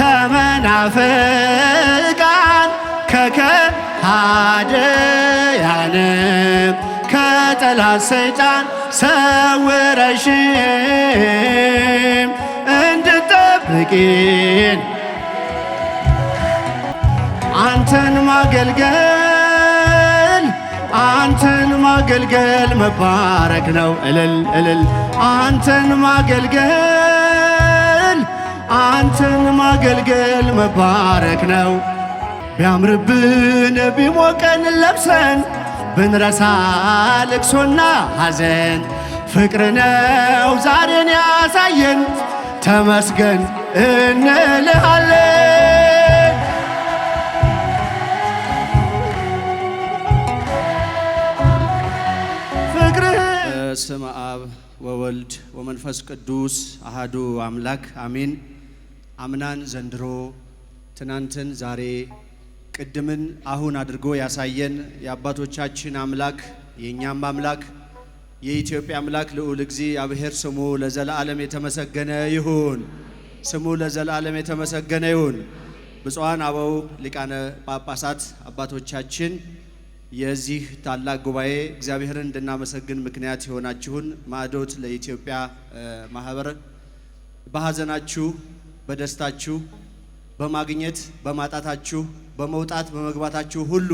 ከመናፍቃን ከከሃድያን ከጠላት ሰይጣን ሰውረሽም እንድጠብቂን አንተን ማገልገል አንተን ማገልገል መባረክ ነው እልል እልል አንተን ማገልገል አንተን ማገልገል መባረክ ነው። ቢያምርብን ቢሞቀን ለብሰን ብንረሳ ልቅሶና ሐዘን ፍቅር ነው ዛሬን ያሳየን ተመስገን እንልሃለን። ፍቅር በስመ አብ ወወልድ ወመንፈስ ቅዱስ አህዱ አምላክ አሚን! አምናን ዘንድሮ ትናንትን ዛሬ ቅድምን አሁን አድርጎ ያሳየን የአባቶቻችን አምላክ የእኛም አምላክ የኢትዮጵያ አምላክ ልዑል እግዚአብሔር ስሙ ለዘላለም የተመሰገነ ይሁን። ስሙ ለዘላለም የተመሰገነ ይሁን። ብፁዓን አበው ሊቃነ ጳጳሳት አባቶቻችን፣ የዚህ ታላቅ ጉባኤ እግዚአብሔርን እንድናመሰግን ምክንያት የሆናችሁን ማዕዶት ለኢትዮጵያ ማህበር በሀዘናችሁ በደስታችሁ፣ በማግኘት በማጣታችሁ፣ በመውጣት በመግባታችሁ ሁሉ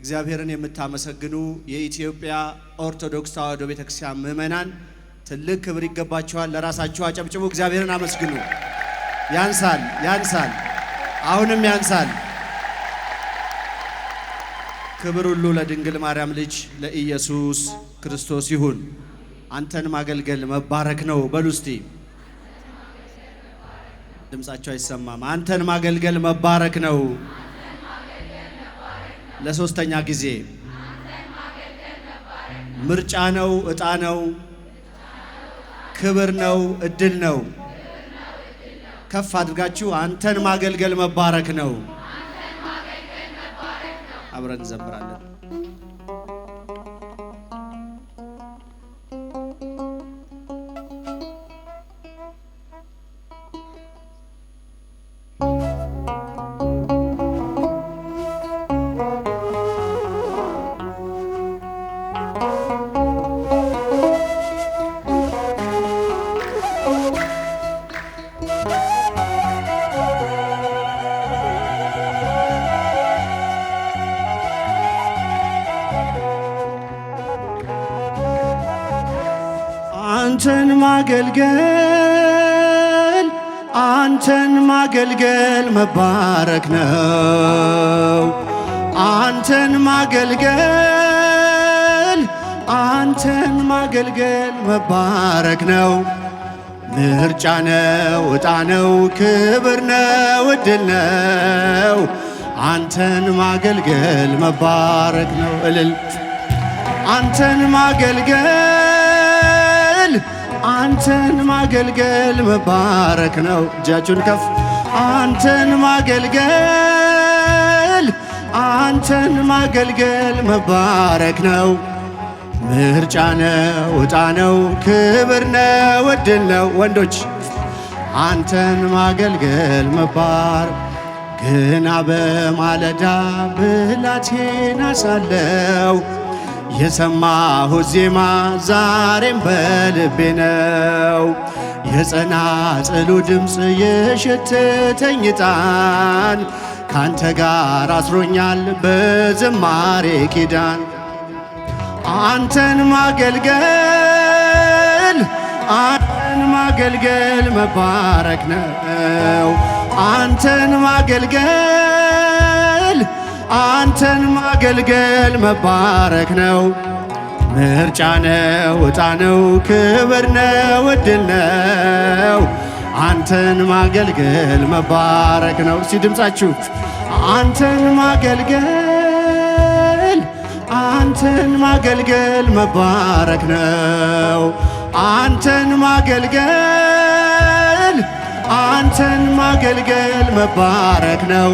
እግዚአብሔርን የምታመሰግኑ የኢትዮጵያ ኦርቶዶክስ ተዋሕዶ ቤተክርስቲያን ምእመናን ትልቅ ክብር ይገባችኋል። ለራሳችሁ አጨብጭቡ፣ እግዚአብሔርን አመስግኑ። ያንሳል፣ ያንሳል፣ አሁንም ያንሳል። ክብር ሁሉ ለድንግል ማርያም ልጅ ለኢየሱስ ክርስቶስ ይሁን። አንተን ማገልገል መባረክ ነው። በሉ እስቲ ድምፃቸው አይሰማም። አንተን ማገልገል መባረክ ነው። ለሶስተኛ ጊዜ ምርጫ ነው፣ እጣ ነው፣ ክብር ነው፣ እድል ነው። ከፍ አድርጋችሁ አንተን ማገልገል መባረክ ነው። አብረን እንዘምራለን። ማገልገል አንተን ማገልገል መባረክ ነው። አንተን ማገልገል አንተን ማገልገል መባረክ ነው። ምርጫ ነው፣ ዕጣ ነው፣ ክብር ነው፣ እድል ነው። አንተን ማገልገል መባረክ ነው። እልል አንተን ማገልገል አንተን ማገልገል መባረክ ነው። እጃችሁን ከፍ አንተን ማገልገል አንተን ማገልገል መባረክ ነው። ምርጫ ነው፣ ዕጣ ነው፣ ክብር ነው፣ እድል ነው። ወንዶች አንተን ማገልገል መባረክ ግና በማለዳ ብላቴና ሳለው የሰማሁ ዜማ ዛሬም በልቤ ነው። የጸናጽሉ ድምፅ የሽትተኝ ጣን ካንተ ጋር አስሮኛል በዝማሬ ኪዳን አንተን ማገልገል አንተን ማገልገል መባረክ ነው። አንተን ማገልገል አንተን ማገልገል መባረክ ነው፣ ምርጫ ነው፣ ዕጣ ነው፣ ክብር ነው፣ እድል ነው። አንተን ማገልገል መባረክ ነው። እስቲ ድምፃችሁ አንተን ማገልገል አንተን ማገልገል መባረክ ነው። አንተን ማገልገል አንተን ማገልገል መባረክ ነው።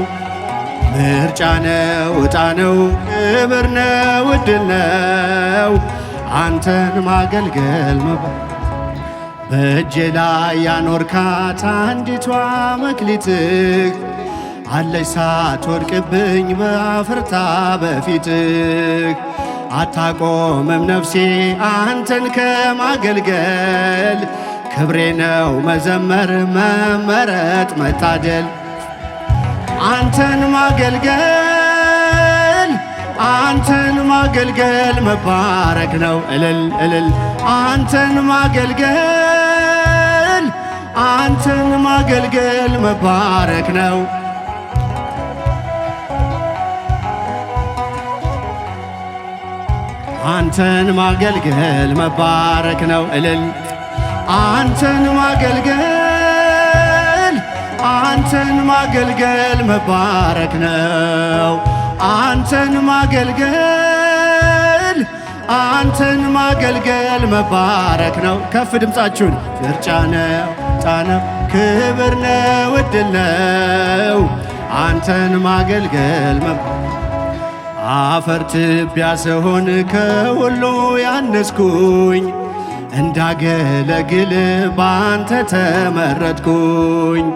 ምርጫ ነው ዕጣ ነው ክብር ነው ነው አንተን ማገልገል መባ በእጄ ላይ ያኖርካት አንዲቷ መክሊትህ አለች ሳትወድቅብኝ በአፍርታ በፊትህ አታቆምም ነፍሴ አንተን ከማገልገል ክብሬ ነው መዘመር መመረጥ መታደል አንተን ማገልገል አንተን ማገልገል መባረክ ነው። እልል እልል አንተን ማገልገል አንተን ማገልገል መባረክ ነው። አንተን ማገልገል መባረክ ነው። እልል አንተን ማገልገል አንተን ማገልገል መባረክ ነው። አንተን ማገልገል አንተን ማገልገል መባረክ ነው። ከፍ ድምፃችሁን ምርጫ ነው ጣነው ክብር ነው እድል ነው አንተን ማገልገል አፈር ትቢያ ስሆን ከሁሉ ያነስኩኝ እንዳገለግል ባንተ ተመረጥኩኝ።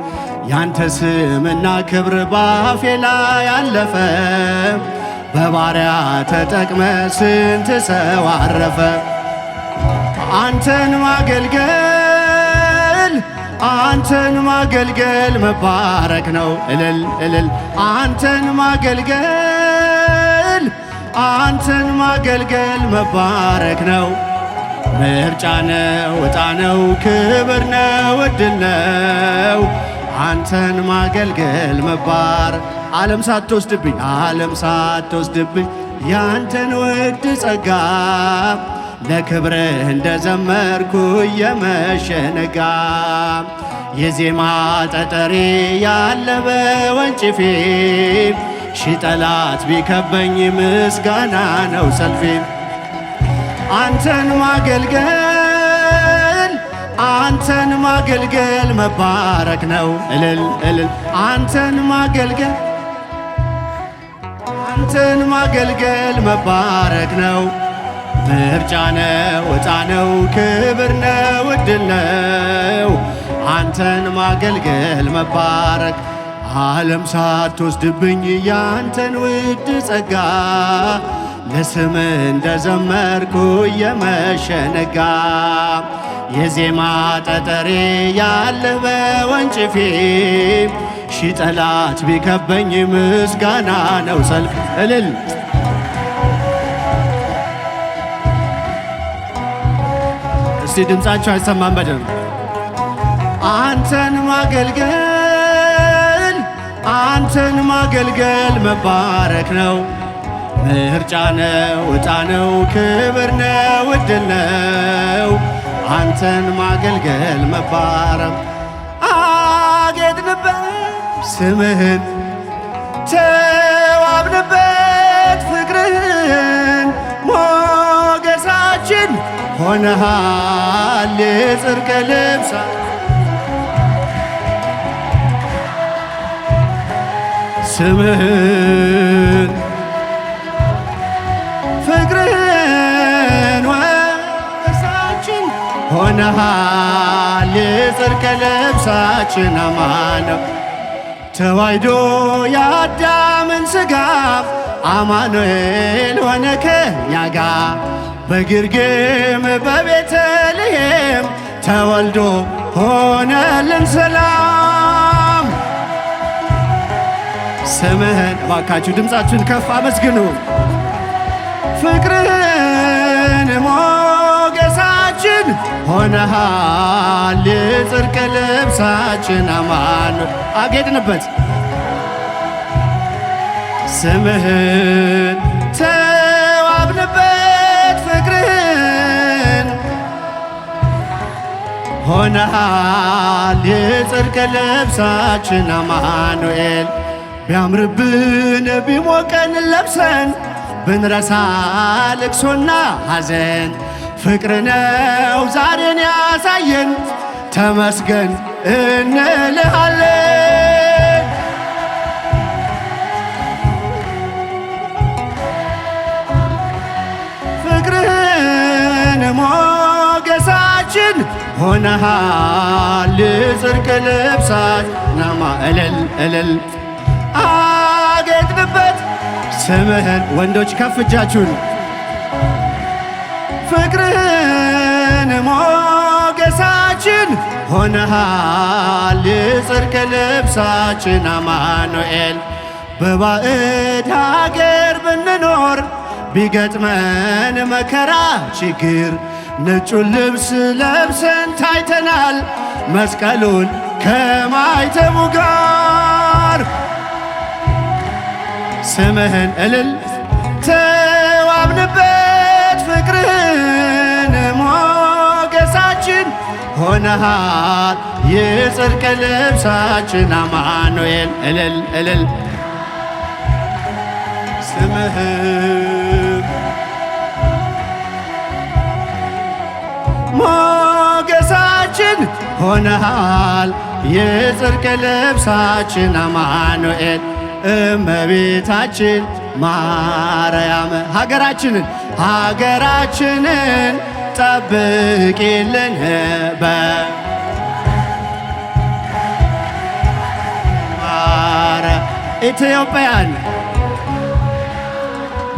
ያንተ ስምና ክብር ባፌ ላይ አለፈ። በባሪያ ተጠቅመ ስንት ሰው አረፈ። አንተን ማገልገል አንተን ማገልገል መባረክ ነው እልል እልል አንተን ማገልገል አንተን ማገልገል መባረክ ነው። ምርጫ ነው፣ ዕጣ ነው፣ ክብር ነው፣ ዕድል ነው። አንተን ማገልገል መባር ዓለም ሳትወስድብኝ ዓለም ሳትወስድብኝ ያንተን ውድ ጸጋ ለክብርህ እንደዘመርኩ የመሸነጋ የዜማ ጠጠሬ ያለበ ወንጭፌ ሺ ጠላት ቢከበኝ ምስጋና ነው ሰልፌ አንተን ማገልገል አንተን ማገልገል መባረክ ነው። እልል እልል አንተን ማገልገል አንተን ማገልገል መባረክ ነው። ምርጫ ነው፣ ዕጣ ነው፣ ክብር ነው፣ እድል ነው። አንተን ማገልገል መባረክ ዓለም ሳትወስድብኝ ያንተን ውድ ጸጋ ለስም እንደዘመርኩ የመሸነጋ የዜማ ጠጠሬ ያለ በወንጭፌ ሺ ጠላት ቢከበኝ ምስጋና ነው ሰልፍ እልል እስቲ ድምፃቸው አይሰማም በደንብ አንተን ማገልገል አንተን ማገልገል መባረክ ነው ምርጫ ነው ዕጣ ነው ክብር ነው ዕድል ነው አንተን ማገልገል መባረም አጌጥንበት ስምህን ተዋብንበት ፍቅርህን ሞገሳችን ሆነሃል የጽድቅ ልብሳ ስምህን ሆነሃል የጽድቅ ልብሳችን አማኑኤል ተዋሕዶ የአዳምን ሥጋ አማኑኤል ሆነ ከእኛ ጋር በግርግም በቤተልሔም ተወልዶ ሆነልን ሰላም። ስምህን እባካችሁ ድምፃችሁን ከፍ አመስግኑ ፍቅር አማኑኤል ሆነሃል የጽድቅ ልብሳችን አማኑኤል አጌጥንበት ስምህን ተዋብንበት ፍቅርህን ሆነሃል የጽድቅ ልብሳችን አማኑኤል ቢያምርብን ቢሞቀን ለብሰን ብንረሳ ልቅሶና ሐዘን ፍቅር ነው ዛሬን ያሳየን ተመስገን እንልሃለን። ፍቅርህን ሞገሳችን ሆነሃል ጽድቅ ልብሳት ናማ እልል እልል አገጥምበት ስምህን ወንዶች ከፍ እጃችሁን ፍቅርን ሞገሳችን ሆነሃል የጽርቅ ልብሳችን አማኑኤል በባዕድ ሀገር ብንኖር ቢገጥመን መከራ ችግር ነጩን ልብስ ለብሰን ታይተናል መስቀሉን ከማይተቡ ጋር ስምህን እልል ተዋብንበት ሆነሃል የጽድቅ ልብሳችን አማኑኤል እልል እልል ስምህ ሞገሳችን ሆነሃል የጽድቅ ልብሳችን አማኑኤል እመቤታችን ማርያም ሀገራችንን ሀገራችንን ጠብቂልን በማረ ኢትዮጵያን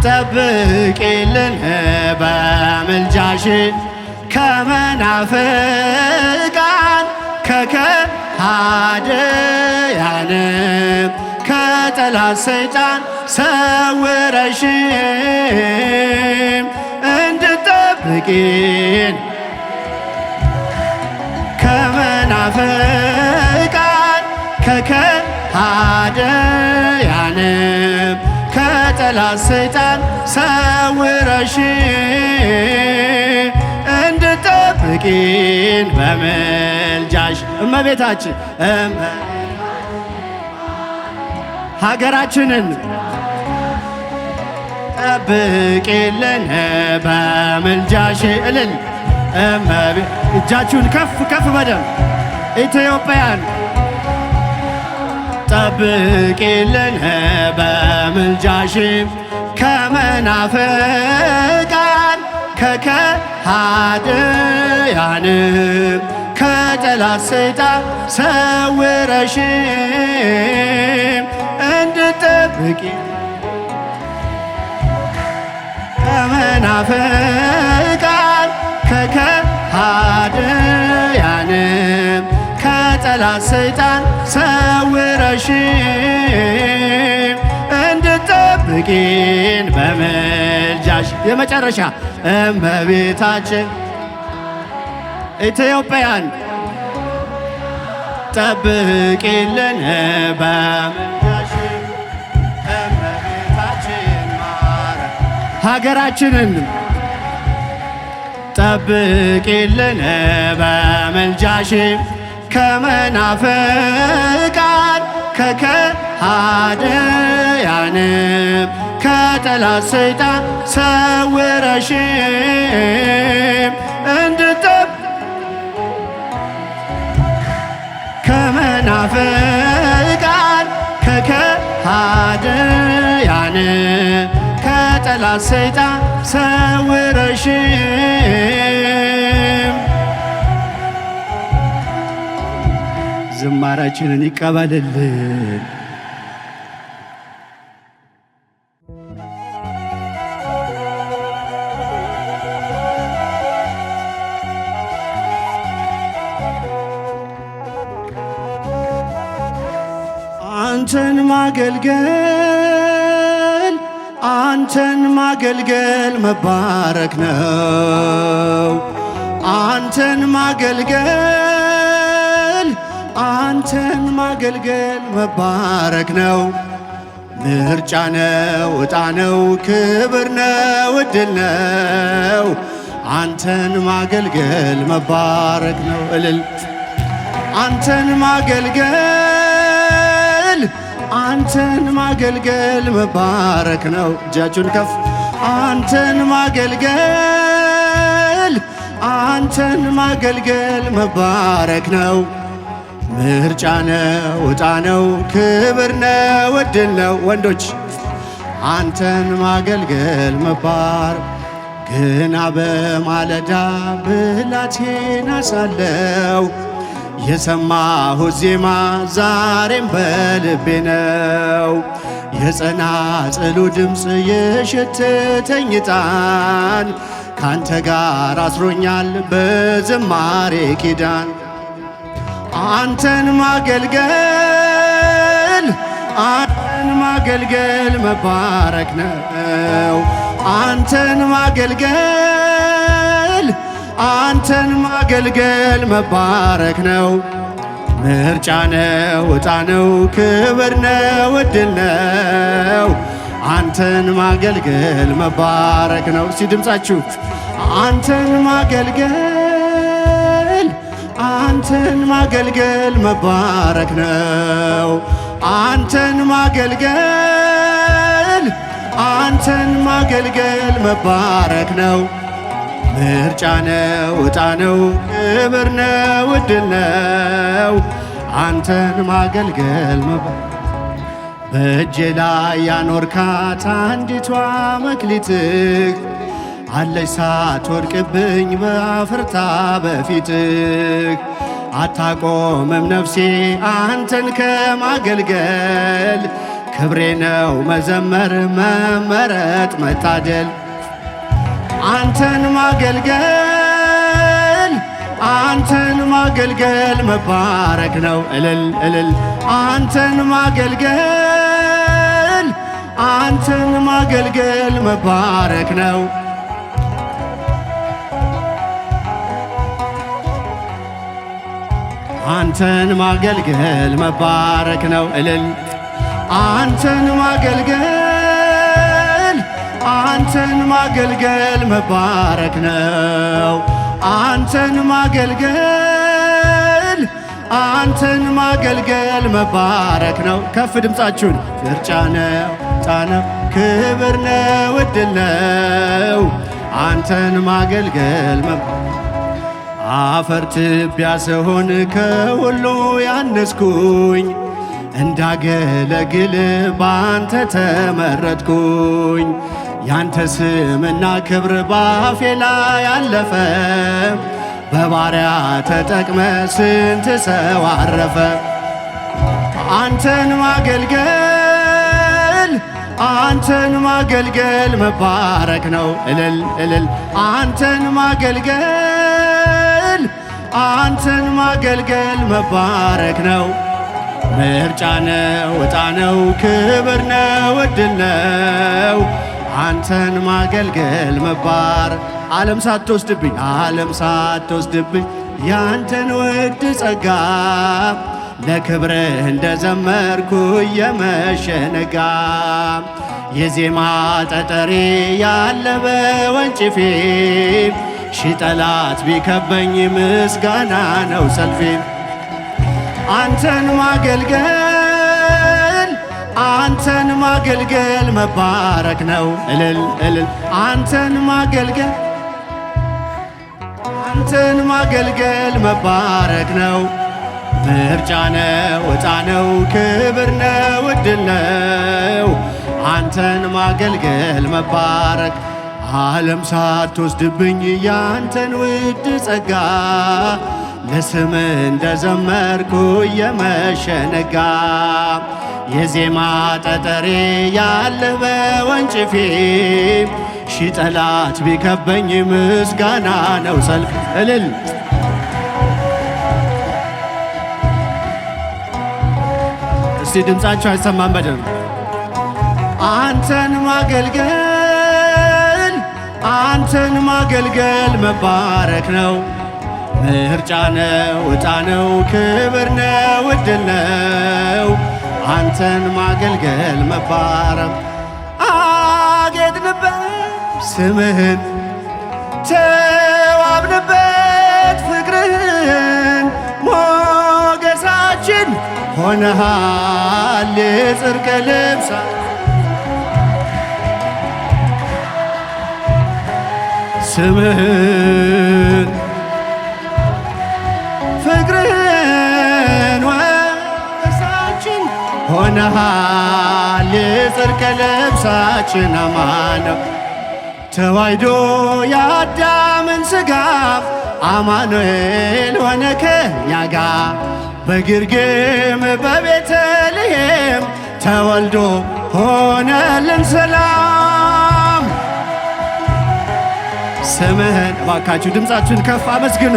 ጠብቂልን በምልጃሽ ከመናፍቃን ከከሃድያን ከጠላት ሰይጣን ሰውረሽም ምናፍቂን ከመናፍቃን ከከሃዲያንም ከጠላት ሰይጣን ሰውረሽ እንድጠብቂን በምልጃሽ እመቤታችን ሀገራችንን ጠብቂልን በምልጃሽ እልል እመቤ እጃችሁን ከፍ ከፍ በደም ኢትዮጵያን ጠብቂልን በምልጃሽ ከመናፍቃን ከከሃድያን ከጠላት ሰይጣን ሰውረሽም እንድጠብቂ ከመናፍቃን ከከሃድያንም ከጠላት ሰይጣን ሰውረሽም እንድጠብቂን በምልጃሽ የመጨረሻ እመቤታችን ኢትዮጵያን ጠብቂልን በምልጃ ሀገራችንን ጠብቂልን በመልጃሽ ከመናፍቃን ከከሃዲያን ከጠላት ሰይጣን ሰውረሽ እንድጠብ ከመናፍቃን ከከሃዲያን ከጠላት ሰይጣን ሰውረሽም። ዝማራችንን ይቀበልልን። አንተን ማገልገል አንተን ማገልገል መባረክ ነው። አንተን ማገልገል አንተን ማገልገል መባረክ ነው። ምርጫ ነው፣ ዕጣ ነው፣ ክብር ነው፣ እድል ነው። አንተን ማገልገል መባረክ ነው። እልል አንተን ማገልገል አንተን ማገልገል መባረክ ነው። እጃችሁን ከፍ አንተን ማገልገል አንተን ማገልገል መባረክ ነው። ምርጫ ነው፣ ዕጣ ነው፣ ክብር ነው፣ ዕድል ነው። ወንዶች አንተን ማገልገል መባር ግና በማለዳ ብላቴና ሳለው የሰማሁ ዜማ ዛሬም በልቤ ነው። የጸናጽሉ ድምፅ የሽትተኝ ጣን ካንተ ጋር አስሮኛል በዝማሬ ኪዳን አንተን ማገልገል አንተን ማገልገል መባረክ ነው። አንተን ማገልገል አንተን ማገልገል መባረክ ነው፣ ምርጫ ነው፣ ዕጣ ነው፣ ክብር ነው፣ እድል ነው። አንተን ማገልገል መባረክ ነው። እስቲ ድምፃችሁ አንተን ማገልገል አንተን ማገልገል መባረክ ነው። አንተን ማገልገል አንተን ማገልገል መባረክ ነው። ምርጫ ነው ዕጣ ነው ክብር ነው ነው አንተን ማገልገል መባ በእጄ ላይ ያኖርካት አንዲቷ መክሊትህ አለች ሳትወድቅብኝ በአፍርታ በፊትህ አታቆምም ነፍሴ አንተን ከማገልገል ክብሬ ነው መዘመር መመረጥ መታደል አንተን ማገልገል አንተን ማገልገል መባረክ ነው። እልል እልል አንተን ማገልገል አንተን ማገልገል መባረክ ነው። አንተን ማገልገል መባረክ ነው። እልል አንተን ማገልገል አንተን ማገልገል መባረክ ነው። አንተን ማገልገል አንተን ማገልገል መባረክ ነው። ከፍ ድምፃችሁን ምርጫ ነው ጣነ ክብር ነው እድል ነው አንተን ማገልገል አፈር ትቢያ ስሆን ከሁሉ ያነስኩኝ እንዳገለግል ባንተ ተመረጥኩኝ። ያንተ ስምና ክብር ባፌ ላይ ያለፈ በባሪያ ተጠቅመ ስንት ሰው አረፈ። አንተን ማገልገል አንተን ማገልገል መባረክ ነው እልል እልል አንተን ማገልገል አንተን ማገልገል መባረክ ነው። ምርጫ ነው፣ ዕጣ ነው፣ ክብር ነው፣ እድል ነው አንተን ማገልገል መባር ዓለም ሳትወስድብኝ ዓለም ሳትወስድብኝ ያንተን ውድ ጸጋ ለክብርህ ዘመርኩ የመሸነጋ የዜማ ጠጠሪ ያለበ ወንጭፌ ሺ ጠላት ቢከበኝ ምስጋና ነው ሰልፌ አንተን ማገልገል አንተን ማገልገል መባረክ ነው። እልል እልል አንተን ማገልገል አንተን ማገልገል መባረክ ነው። ምርጫ ነው፣ ዕጣ ነው፣ ክብር ነው፣ ዕድል ነው። አንተን ማገልገል መባረክ ዓለም ሳትወስድብኝ ያንተን ውድ ጸጋ ለስም እንደዘመርኩ የመሸነጋ የዜማ ጠጠሬ ያለ በወንጭፌ ሺ ጠላት ቢከበኝ ምስጋና ነው ሰልፍ እልል እስቲ ድምፃቸው አይሰማም በደንብ አንተን ማገልገል አንተን ማገልገል መባረክ ነው ምርጫ ነው ዕጣ ነው ክብር ነው እድል ነው አንተን ማገልገል መባረም አጌጥንበት ስምህን ተዋብንበት ፍቅርህን ሞገሳችን ሆነሃል የጽርቅ ልብሳ ስምህን ፍቅርን ወርሳችን ሆነሃል የጽድቅ ልብሳችን አማኑኤል ተዋሕዶ የአዳምን ሥጋ አማኑኤል ሆነ ከእኛ ጋር በግርግም በቤተልሔም ተወልዶ ሆነልን ሰላም። ስምህን እባካችሁ ድምፃችሁን ከፍ አመስግኑ።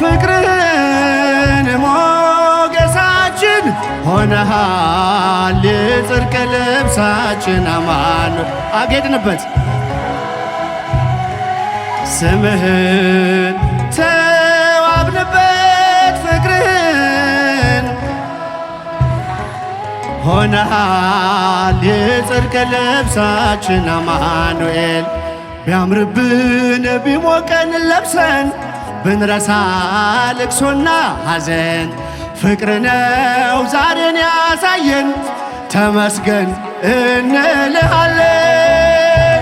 ፍቅርን ሞገሳችን ሆነሃል የጽድቅ ልብሳችን አማን አጌጥንበት ስምህን ተዋብንበት ፍቅርን ሆነሃል የጽድቅ ልብሳችን አማኑኤል ቢያምርብን ቢሞቀን ለብሰን ብንረሳ ልቅሶና ሐዘን ፍቅር ነው ዛሬን ያሳየን ተመስገን እንልሃለን።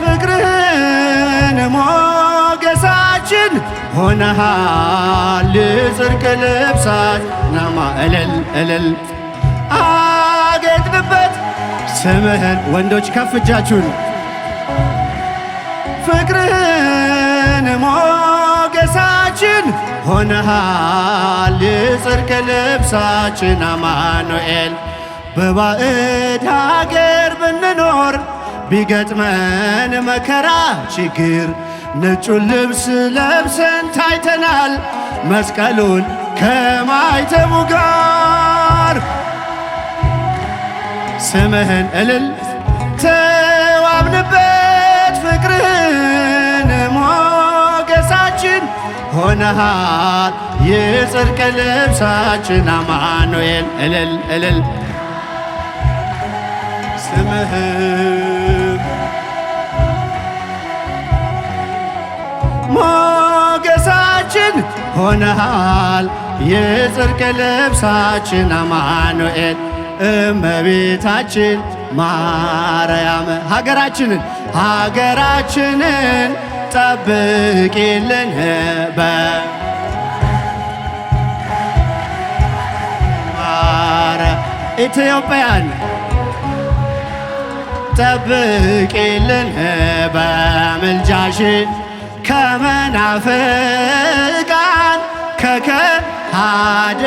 ፍቅርህን ሞገሳችን ሆነሃል ጽርቅ ልብሳት ናማ እልል እልል ስምህን ወንዶች ከፍ እጃችሁን ፍቅርህን ሞገሳችን ሆነሃል የጽድቅ ልብሳችን አማኑኤል በባዕድ ሀገር ብንኖር ቢገጥመን መከራ ችግር ነጩን ልብስ ለብሰን ታይተናል መስቀሉን ከማይተሙ ጋር ስምህን እልል ተዋብንበት ፍቅርህን ሞገሳችን ሆነሃል የጽድቅ ልብሳችን አማኑኤል እልል እልል ስምህ ሞገሳችን ሆነሃል የጽድቅ ልብሳችን አማኑኤል እመቤታችን ማርያም ሀገራችንን ሀገራችንን ጠብቂልን በ ኢትዮጵያን ጠብቂልን በምልጃሽ ከመናፍቃን ከከሃድ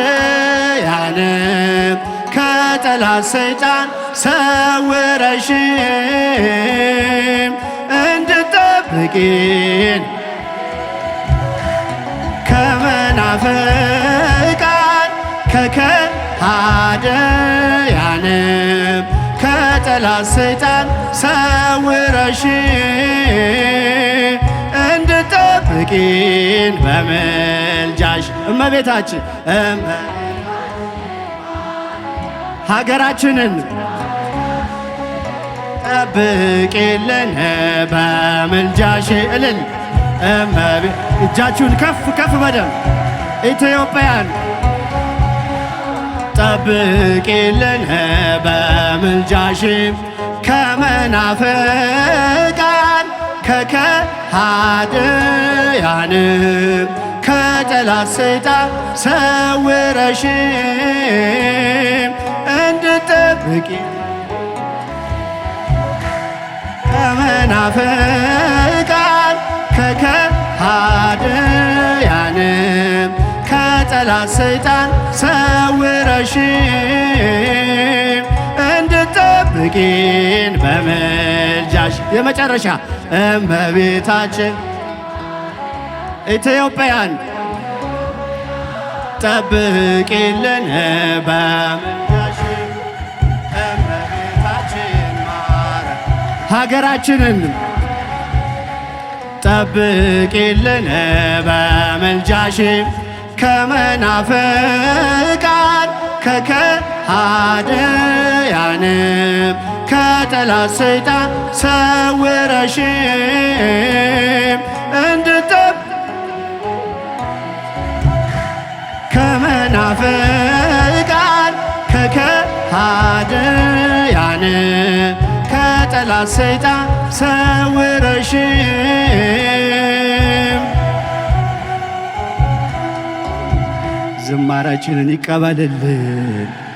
ከጠላት ሰይጣን ሰውረሽም እንድጠብቂን ከመናፍቃን ከከሃደያን ከጠላት ሰይጣን ሰውረሽ እንድጠብቂን በምልጃሽ እመቤታችን ሀገራችንን ጠብቂልን በምልጃሽ እልል እመቤ እጃችሁን ከፍ ከፍ በደም ኢትዮጵያን ጠብቂልን በምልጃሽ ከመናፍቃን ከከሃድያን ከጠላት ሰይጣን ሰውረሽም እንድጠብቂ ከመናፍቃን ከከሃድያንም ከጠላት ሰይጣን ሰውረሽ እንድጠብቂን በምልጃሽ የመጨረሻ እመቤታችን ኢትዮጵያን ጠብቂልን በምል ሀገራችንን ጠብቂልን በመልጃሽ ከመናፍቃን ከከሃዲያን ከጠላት ሰይጣን ሰውረሽ እንድጠብ ከመናፍቃን ከከሃዲያን ከጠላት ሰይጣ ሰውረሽም። ዝማራችንን ይቀበልልን።